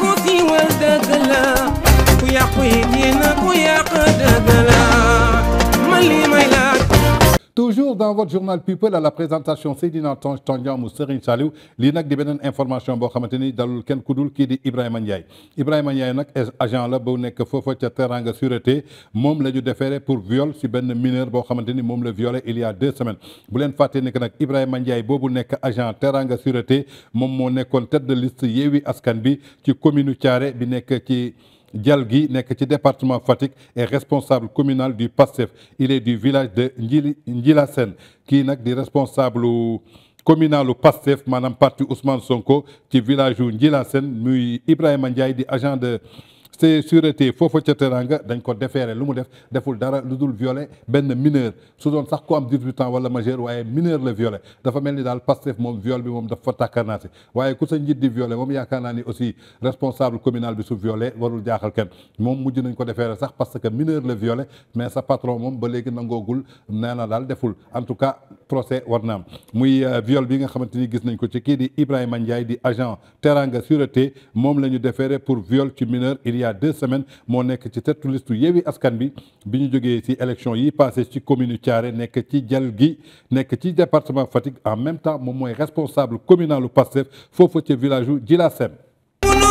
ku yàqu yi toujours dans votre journal people à la présentation Seydina Tandian mu Serigne Saliou lii nag di beneen information boo xamante ni dalul kenn ku dul kii di Ibrahima Ndiaye Ibrahima Ndiaye nag agent la bu nekk foofa ca Teranga Sûreté moom la ñu déféré pour viol si benn mineur boo xamante ni moom la violé il y a deux semaines bu leen fàttee ni que nag Ibrahima Ndiaye boobu nekk agent Teranga Sûreté moom moo nekkoon tête de liste Yewwi Askan bi ci commune Thiaré bi nekk ci jal Dialgui nekk ci département Fatick est responsable communal du PASTEF il est du village de Njili Njilassène kii nag di responsable communal PASTEF maanaam parti Ousmane Sonko ci village wu Njilassène muy Ibrahima Ndiaye di agent de sûreté foofa ca teranga dañ ko defeere lu mu def deful dara lu dul violé benn mineur su doon sax ko am 18 ans wala majeur waaye mineur la violé dafa mel ni daal Pastef moom viol bi moom dafa tàkkarnaasi waaye ku sa njiit di violé yaakaar naa ni aussi responsable communal bi su violé warul jaaxal kenn moom mujj nañ ko defeere sax parce que mineur la violé mais sa patron moom ba léegi nangoogul nee na daal deful en tout cas procès war na am muy euh, viol bi nga xamante ni gis nañ ko ci kii di Ibrahima Ndiaye di agent teranga sûreté moom la ñu defeere pour viol ci mineur il y a deux semaines moo nekk ci tëttu listu Yewwi Askan bi bi ñu jógee ci élection yi passé ci commune Thiaré nekk ci jal gi nekk ci département Fatick en même temps moom mooy responsable communalu Pastef foofu ca village u Djilassène